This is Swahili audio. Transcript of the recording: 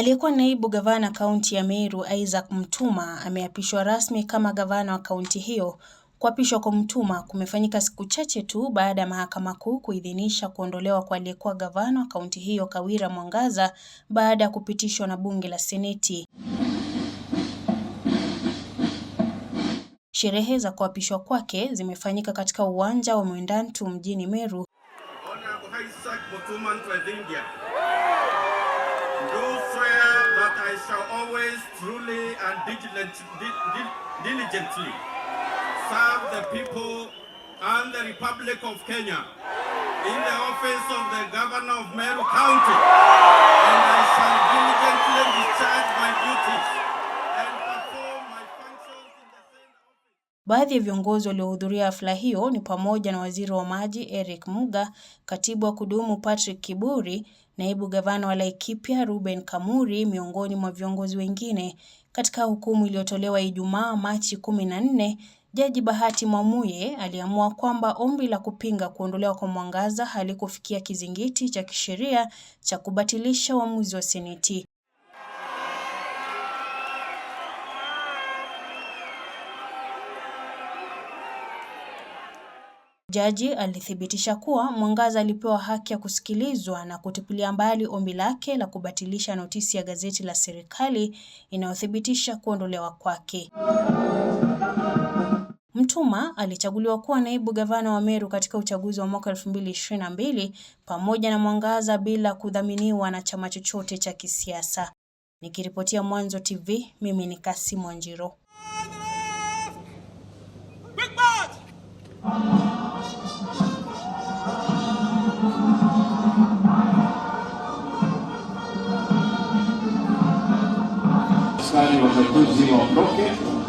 Aliyekuwa naibu gavana kaunti ya Meru Isaac mtuma ameapishwa rasmi kama gavana wa kaunti hiyo. Kuapishwa kwa mtuma kumefanyika siku chache tu baada ya mahakama kuu kuidhinisha kuondolewa kwa aliyekuwa gavana wa kaunti hiyo Kawira Mwangaza baada ya kupitishwa na bunge la Seneti. Sherehe za kuapishwa kwake zimefanyika katika uwanja wa Mwendantu mjini Meru. do swear that I shall always truly and diligently serve the people and the Republic of Kenya in the office of the Governor of Meru County. Baadhi ya viongozi waliohudhuria hafla hiyo ni pamoja na Waziri wa Maji Eric Muga, Katibu wa kudumu Patrick Kiburi, Naibu Gavana wa Laikipia ruben Kamuri miongoni mwa viongozi wengine. Katika hukumu iliyotolewa Ijumaa Machi 14, Jaji Bahati Mwamuye aliamua kwamba ombi la kupinga kuondolewa kwa Mwangaza halikufikia kizingiti cha kisheria cha kubatilisha uamuzi wa seneti. Jaji alithibitisha kuwa Mwangaza alipewa haki ya kusikilizwa na kutupilia mbali ombi lake la kubatilisha notisi ya gazeti la serikali inayothibitisha kuondolewa kwake. Mtuma alichaguliwa kuwa naibu gavana wa Meru katika uchaguzi wa mwaka 2022 pamoja na Mwangaza bila kudhaminiwa na chama chochote cha kisiasa. Nikiripotia Mwanzo TV, mimi ni Kassim Njiro. salimos los bloque.